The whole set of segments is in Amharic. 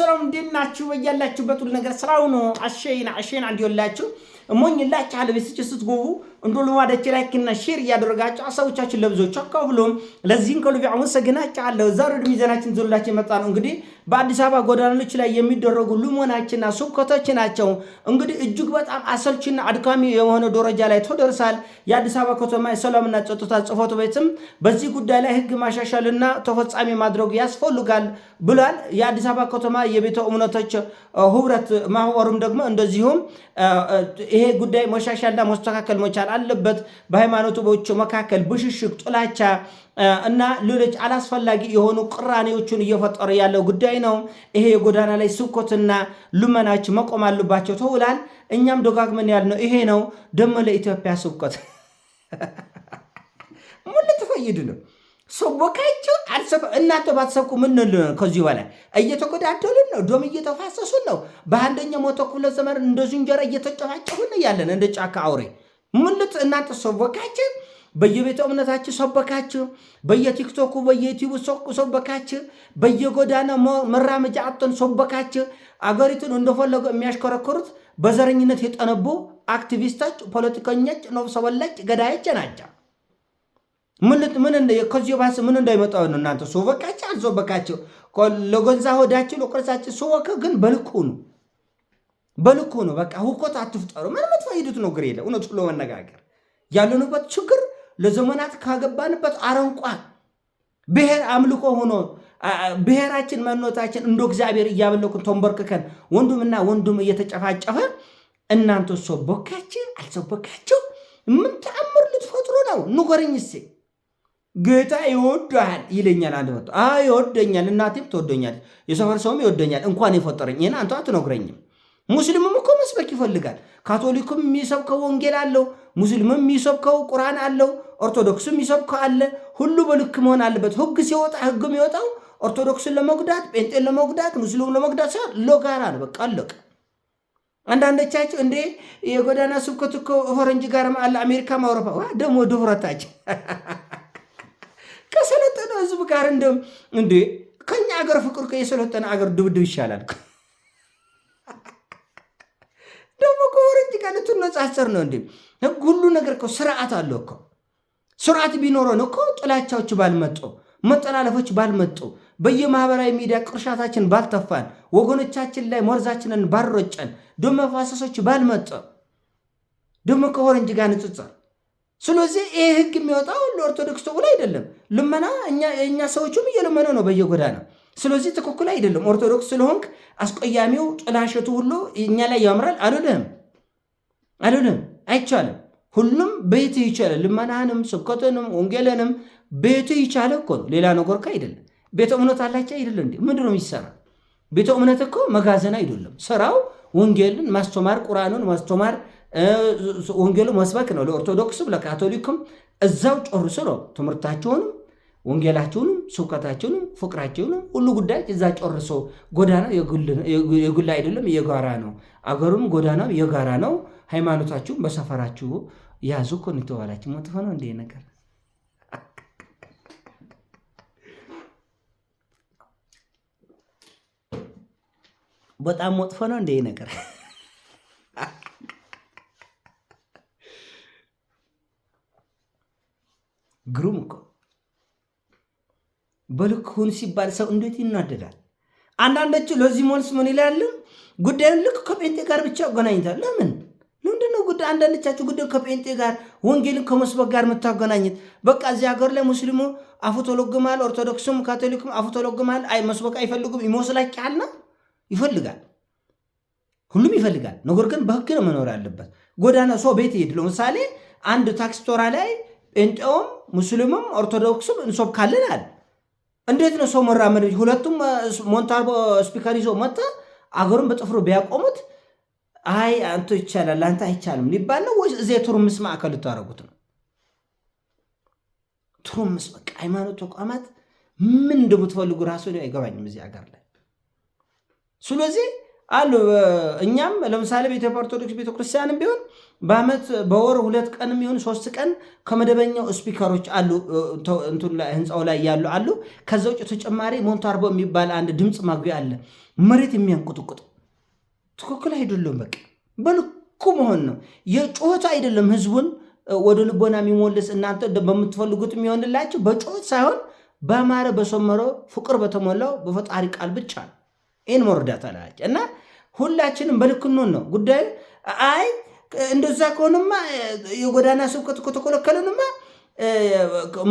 ሰላም እንዴት ናችሁ? በያላችሁበት ሁሉ ነገር ስራው ነው። አሸይና አሸይና እንዲሆንላችሁ እሞኝላችኋለሁ ቤተሰቦቼ ስትገቡ እንዶ ልማዳቼ ላይክና ሼር እያደረጋችሁ ሀሳቦቻችን ለብዙዎች አካፍሎም ለዚህን ከልብ አመሰግናችኋለሁ። ዛሬ ወደ ሚዛናችን ዞላችን መጣ ነው። እንግዲህ በአዲስ አበባ ጎዳናዎች ላይ የሚደረጉ ልመናችንና ስብከቶች ናቸው። እንግዲህ እጅግ በጣም አሰልችና አድካሚ የሆነ ደረጃ ላይ ተደርሳል። የአዲስ አበባ ከተማ የሰላምና ጸጥታ ጽሕፈት ቤትም በዚህ ጉዳይ ላይ ህግ ማሻሻልና ተፈጻሚ ማድረግ ያስፈልጋል ብሏል። የአዲስ አበባ ከተማ የቤተ እምነቶች ህብረት ማህበሩም ደግሞ እንደዚሁም ይሄ ጉዳይ መሻሻልና መስተካከል መቻል አለበት። በሃይማኖቶች መካከል ብሽሽቅ፣ ጥላቻ እና ሌሎች አላስፈላጊ የሆኑ ቅራኔዎችን እየፈጠረ ያለው ጉዳይ ነው። ይሄ የጎዳና ላይ ስብከትና ልመናዎች መቆም አሉባቸው ተውላል። እኛም ደጋግመን ያልነው ይሄ ነው። ደግሞ ለኢትዮጵያ ስብከት ሙሉ ትፈይድ ነው። ሰቦካችሁ አልሰብ እናንተ ባትሰብኩ ምን ከዚሁ በላይ እየተጎዳደልን ነው። ዶም እየተፋሰሱን ነው። በአንደኛው መቶ ክፍለ ዘመን እንደዚሁ እንጀራ እየተጨፋጨፉን ያለን እንደ ጫካ አውሬ ምልት እናንተ ሰቦካችሁ በየቤተ እምነታችሁ ሰበካችሁ፣ በየቲክቶኩ ሰቁ ሰበካችሁ፣ በየጎዳና መራመጃ አጥተን ሰበካችሁ። አገሪቱን እንደፈለጉ የሚያሽከረክሩት በዘረኝነት የጠነቡ አክቲቪስቶች፣ ፖለቲከኞች፣ ነፍሰ በላች ገዳዮች ናቸው። ምን ከዚህ ባስ ምን እንዳይመጣ ነው። እናንተ አዞ በቃቸው ለጎንዛ ሆዳችን ለቆርሳቸው ሶወከ ግን በልኩ ነው በልኩ ነው። በቃ ሁከት አትፍጠሩ። ምን የምትፈይዱት ነገር የለ። እውነቱ ለመነጋገር ያለንበት ችግር ለዘመናት ካገባንበት አረንቋ ብሔር አምልኮ ሆኖ ብሔራችን መኖታችን እንደ እግዚአብሔር እያመለኩን ተንበርክከን ወንዱምና ወንዱም እየተጨፋጨፈ እናንተ በካቸው ሶበካቸው በካቸው ምን ተአምር ልትፈጥሩ ነው? ንጎረኝ ሴ ጌታ ይወዳል ይለኛል። አንድ መጥቶ አ ይወደኛል፣ እናቴም ትወደኛለች፣ የሰፈር ሰውም ይወደኛል። እንኳን የፈጠረኝ ይህን አንተ አትነግረኝም። ሙስሊምም እኮ መስበክ ይፈልጋል። ካቶሊክም የሚሰብከው ወንጌል አለው። ሙስሊምም የሚሰብከው ቁርአን አለው። ኦርቶዶክስም የሚሰብከው አለ። ሁሉ በልክ መሆን አለበት። ህግ ሲወጣ ህግም ይወጣው ኦርቶዶክስን ለመጉዳት ጴንጤን ለመጉዳት ሙስሊሙን ለመጉዳት ሲሆን ለጋራ ነው። በቃ አለቀ። አንዳንዶቻቸው እንዴ የጎዳና ስብከት እኮ ፈረንጅ ጋርም አለ፣ አሜሪካም አውሮፓ ደግሞ ድፍረታቸው ከሰለጠነ ህዝብ ጋር እንደ እንዴ ከኛ አገር ፍቅር የሰለጠነ አገር ድብድብ ይሻላል። ደግሞ ከወረጅ ጋር ልትነጻጸር ነው እንዴ? ህግ ሁሉ ነገር እኮ ስርዓት አለው እኮ። ስርዓት ነው እኮ ጥላቻዎች ባልመጡ፣ መጠላለፎች ባልመጡ፣ በየማህበራዊ ሚዲያ ቅርሻታችን ባልተፋን፣ ወገኖቻችን ላይ መርዛችንን ባልረጨን፣ ደም መፋሰሶች ባልመጡ ደግሞ ከወረንጅ ጋር ንጽጽር ስለዚህ ይህ ህግ የሚወጣው ለኦርቶዶክስ ተብሎ አይደለም። ልመና እኛ ሰዎቹም እየለመኑ ነው በየጎዳና ስለዚህ ትክክል አይደለም። ኦርቶዶክስ ስለሆንክ አስቆያሚው ጥላሸቱ ሁሉ እኛ ላይ ያምራል አልልህም፣ አልልህም። አይቻልም። ሁሉም ቤት ይቻላል። ልመናህንም፣ ስብከትንም፣ ወንጌልንም ቤት ይቻለ እኮ ነው። ሌላ ነገር እኮ አይደለም። ቤተ እምነት አላቸው አይደለም እንዴ? ምንድን ነው የሚሰራ ቤተ እምነት እኮ መጋዘን አይደለም። ስራው ወንጌልን ማስተማር፣ ቁርአኑን ማስተማር ወንጌሉ መስበክ ነው። ለኦርቶዶክስም ለካቶሊክም እዛው ጨርሶ ነው። ትምህርታቸውንም ወንጌላቸውንም ስብከታቸውንም ፍቅራቸውንም ሁሉ ጉዳይ እዛ ጨርሶ። ጎዳናው የግል አይደለም፣ የጋራ ነው። አገሩም ጎዳናው የጋራ ነው። ሃይማኖታችሁም በሰፈራችሁ ያዙ። ኮንተዋላችሁ መጥፎ ነው እንዴ ነገር በጣም መጥፎ ነው እንደ ነገር ግሩም እኮ በልክ ሁን ሲባል ሰው እንዴት ይናደዳል? አንዳንዶቹ ለዚህ መልስ ምን ይላሉ? ጉዳዩን ልክ ከጴንጤ ጋር ብቻ አገናኝታል። ለምን ለምንድነው ጉዳይ አንዳንዶቻችሁ ጉዳዩ ከጴንጤ ጋር ወንጌልን ከመስበክ ጋር የምታገናኘት? በቃ እዚህ ሀገር ላይ ሙስሊሙ አፉ ኦርቶዶክስም ካቶሊክም አፉ ተለጉማል። አይ መስበክ አይፈልጉም ይመስላችኋል? ነው ይፈልጋል፣ ሁሉም ይፈልጋል። ነገር ግን በህግ ነው መኖር ያለበት። ጎዳና ሰው ቤት ይሄድ። ለምሳሌ አንድ ታክስቶራ ላይ ጴንጤውም ሙስሊምም ኦርቶዶክስም እንሶብ ካለናል። እንዴት ነው ሰው መራመድ? ሁለቱም ሞንታርቦ ስፒከር ይዞ መጣ። አገሩን በጥፍሩ ቢያቆሙት አይ አንተ ይቻላል አንተ አይቻልም ሊባል ነው ወይስ እዚ ቱርምስ ማዕከል ልታደረጉት ነው? ቱርምስ በቃ ሃይማኖት ተቋማት ምን እንደምትፈልጉ ራሱ አይገባኝም እዚህ ሀገር ላይ ስለዚህ አሉ። እኛም ለምሳሌ በኢትዮጵያ ኦርቶዶክስ ቤተክርስቲያንም ቢሆን በአመት በወር ሁለት ቀን የሚሆን ሶስት ቀን ከመደበኛው ስፒከሮች አሉ ህንፃው ላይ ያሉ አሉ። ከዛ ውጭ ተጨማሪ ሞንታርቦ የሚባል አንድ ድምፅ ማጉያ አለ። መሬት የሚያንቁጥቁጥ ትክክል አይደለም። በቃ በልኩ መሆን ነው። የጩኸቱ አይደለም ህዝቡን ወደ ልቦና የሚሞልስ እናንተ በምትፈልጉት የሚሆንላቸው በጩኸት ሳይሆን በማረ በሰመረ ፍቅር በተሞላው በፈጣሪ ቃል ብቻ ነው። ይህን መረዳት አለባቸው እና ሁላችንም በልክኖን ነው ጉዳዩ። አይ እንደዛ ከሆነማ የጎዳና ስብከት ከተኮለከለንማ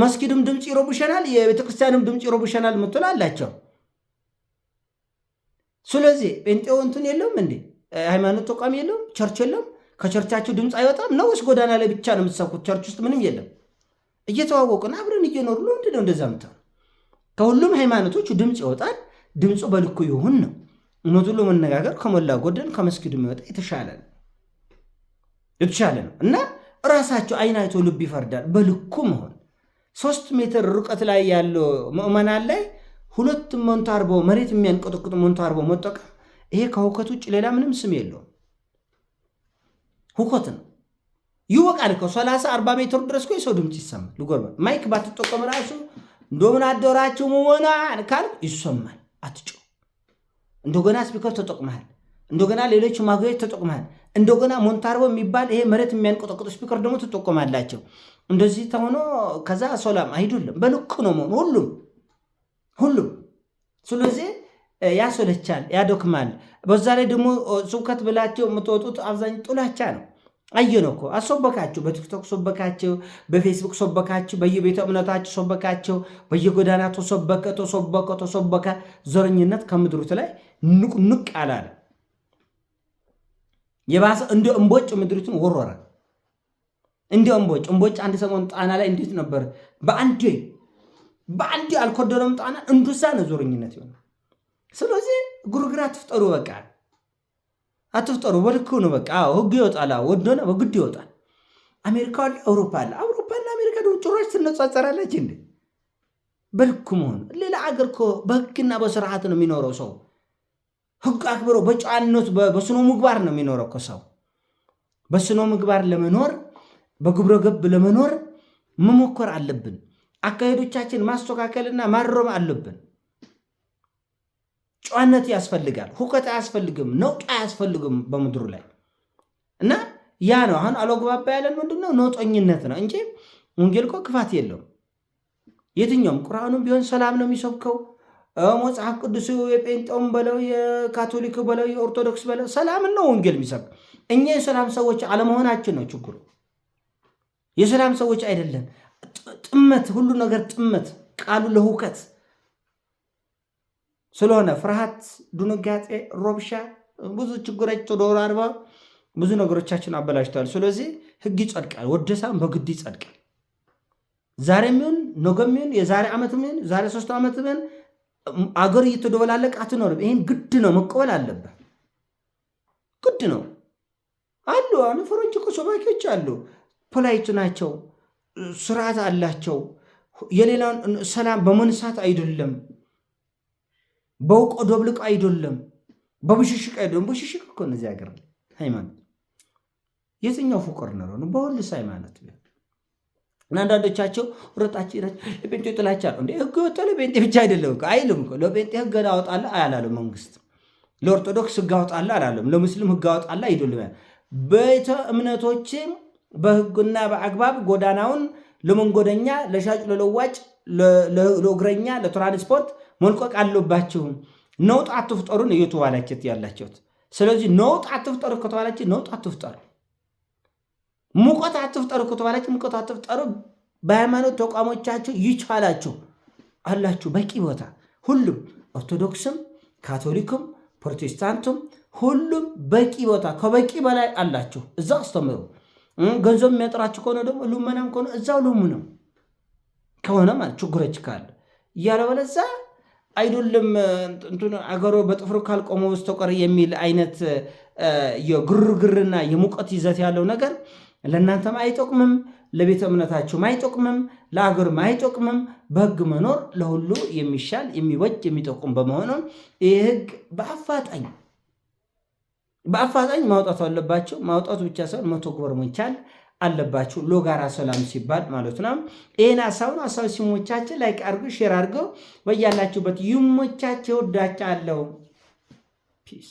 መስጊድም ድምፅ ይረብሸናል፣ የቤተክርስቲያንም ድምፅ ይረብሸናል ምትል አላቸው። ስለዚህ ጴንጤው እንትን የለውም እንዴ? ሃይማኖት ተቋም የለውም? ቸርች የለውም? ከቸርቻችሁ ድምፅ አይወጣም ነው ወይስ ጎዳና ላይ ብቻ ነው የምትሰብኩት? ቸርች ውስጥ ምንም የለም። እየተዋወቁን አብረን እየኖሩ ነው። ነው እንደዛ ምታ? ከሁሉም ሃይማኖቶች ድምፅ ይወጣል። ድምፁ በልኩ ይሁን ነው። እውነቱን ለመነጋገር ከሞላ ጎደል ከመስጊድ የሚወጣ የተሻለ ነው የተሻለ ነው እና ራሳቸው አይን አይቶ ልብ ይፈርዳል። በልኩ መሆን ሶስት ሜትር ርቀት ላይ ያለው ምዕመናን ላይ ሁለት መንቶ አርቦ መሬት የሚያንቀጠቅጥ መንቶ አርቦ መጠቀም ይሄ ከሁከት ውጭ ሌላ ምንም ስም የለውም። ሁከት ነው። ይወቃል እኮ ሰላሳ አርባ ሜትር ድረስ እኮ የሰው ድምፅ ይሰማል። ልጎርባ ማይክ ባትጠቀም ራሱ እንደምን አደራችሁ መሆኗን ካል ይሰማል። አትጮ እንደገና ስፒከር ተጠቅመሃል፣ እንደገና ሌሎች ማጉያዎች ተጠቅመሃል፣ እንደገና ሞንታርቦ የሚባል ይሄ መሬት የሚያንቆጠቅጡ ስፒከር ደግሞ ተጠቆማላቸው። እንደዚህ ተሆኖ ከዛ ሶላም አይደለም በልክ ነው መሆኑ ሁሉም ሁሉም። ስለዚህ ያሶለቻል፣ ያዶክማል። በዛ ላይ ደግሞ ስብከት ብላቸው የምትወጡት አብዛኛው ጥላቻ ነው። አየነ እኮ አሶበካችሁ፣ በቲክቶክ ሶበካቸው፣ በፌስቡክ ሶበካችሁ፣ በየቤተ እምነታችሁ ሶበካቸው፣ በየጎዳና ተሶበከ ተሶበከ ተሶበከ። ዘረኝነት ከምድሩት ላይ ንቅንቅ አላለ። የባሰ እንደ እምቦጭ ምድሪቱን ወረረ። እንደ እምቦጭ እምቦጭ አንድ ሰሞን ጣና ላይ እንዴት ነበር? በአንዴ በአንዴ አልኮደረም ጣና እንዱሳ ነው ዞረኝነት ይሆነ። ስለዚህ ጉርግር አትፍጠሩ፣ በቃ አትፍጠሩ። በልክ ነው በቃ ህግ ይወጣል፣ ወዶነ በግድ ይወጣል። አሜሪካ አለ፣ አውሮፓ አለ። አውሮፓና አሜሪካ ደግሞ ጭራሽ ትነጻጸራለች እንዴ? በልኩ መሆኑ ሌላ አገር እኮ በህግና በስርዓት ነው የሚኖረው ሰው ህግ አክብሮ በጨዋነቱ በስኖ ምግባር ነው የሚኖረው። ከሰው በስኖ ምግባር ለመኖር በግብረ ገብ ለመኖር መሞከር አለብን። አካሄዶቻችን ማስተካከልና ማረም አለብን። ጨዋነት ያስፈልጋል። ሁከት አያስፈልግም። ነውጥ አያስፈልግም በምድሩ ላይ እና ያ ነው አሁን አለግባባ ያለን ምንድነው? ነውጠኝነት ነው እንጂ ወንጌል እኮ ክፋት የለውም። የትኛውም ቁርአኑም ቢሆን ሰላም ነው የሚሰብከው መጽሐፍ ቅዱስ የጴንጦም በለው የካቶሊክ በለው የኦርቶዶክስ በለው ሰላምን ነው ወንጌል የሚሰብክ። እኛ የሰላም ሰዎች አለመሆናችን ነው ችግሩ። የሰላም ሰዎች አይደለም። ጥመት፣ ሁሉ ነገር ጥመት፣ ቃሉ ለሁከት ስለሆነ ፍርሃት፣ ድንጋጤ፣ ሮብሻ፣ ብዙ ችግሮች ዶሮ አርባ ብዙ ነገሮቻችን አበላሽተዋል። ስለዚህ ህግ ይጸድቃል፣ ወደሳም በግድ ይጸድቃል። ዛሬ የሚሆን ነገ የሚሆን የዛሬ ዓመት የሚሆን ዛሬ ሶስት ዓመት የሚሆን አገር እየተደበላለቀ አትኖርም። ይህን ግድ ነው መቀበል አለብህ። ግድ ነው አሉ። አሁን ፈረንጅ እኮ ሰባኪዎች አሉ። ፖላይት ናቸው፣ ስርዓት አላቸው። የሌላውን ሰላም በመንሳት አይደለም፣ በውቆ ደብልቆ አይደለም፣ በብሽሽቅ አይደለም። ብሽሽቅ እኮ እነዚህ ሀገር ሃይማኖት የትኛው ፉቅር ነው? በሁሉስ ሃይማኖት እና አንዳንዶቻቸው ውረጣችን ለጴንጤ ጥላቻ ነው እንዴ? ህግ ወጥቶ ለጴንጤ ብቻ አይደለም እኮ አይልም እኮ ለጴንጤ ህግ አወጣለሁ አላለም መንግስት። ለኦርቶዶክስ ህግ አወጣለሁ አላለም። ለሙስሊም ህግ አወጣለሁ አይደለም። ቤተ እምነቶች በህግና በአግባብ ጎዳናውን ለመንጎደኛ፣ ለሻጭ፣ ለለዋጭ፣ ለእግረኛ፣ ለትራንስፖርት መልቀቅ አለባችሁ። ነውጥ አትፍጠሩን እየተባላችሁት ያላችሁት። ስለዚህ ነውጥ አትፍጠሩ ከተባላችሁ ነውጥ አትፍጠሩ። ሙቀት አትፍጠሩ ከተባላች ሙቀት አትፍጠሩ። በሃይማኖት ተቋሞቻቸው ይቻላችሁ አላችሁ በቂ ቦታ ሁሉም ኦርቶዶክስም፣ ካቶሊክም፣ ፕሮቴስታንቱም ሁሉም በቂ ቦታ ከበቂ በላይ አላችሁ። እዛ አስተምሩ። ገንዘብ የሚያጥራችሁ ከሆነ ደግሞ ልመናም ከሆነ እዛው ልሙ ነው ከሆነ ማለት ችግሮች ካለ እያለበለዛ አይዶልም አገሮ በጥፍሩ ካልቆመ በስተቀር የሚል አይነት የግርግርና የሙቀት ይዘት ያለው ነገር ለእናንተም አይጠቅምም፣ ለቤተ እምነታችሁም አይጠቅምም፣ ለአገርም አይጠቅምም። በህግ መኖር ለሁሉ የሚሻል የሚወጅ የሚጠቁም በመሆኑ ይህ ህግ በአፋጣኝ በአፋጣኝ ማውጣቱ አለባቸው። ማውጣቱ ብቻ ሳይሆን መተግበር መቻል አለባችሁ። ሎጋራ ሰላም ሲባል ማለት ነው። ይህን ሀሳቡን ሀሳብ ሲሞቻቸው ላይክ አድርገው ሼር አድርገው በያላችሁበት ይሞቻቸው። አለው ፒስ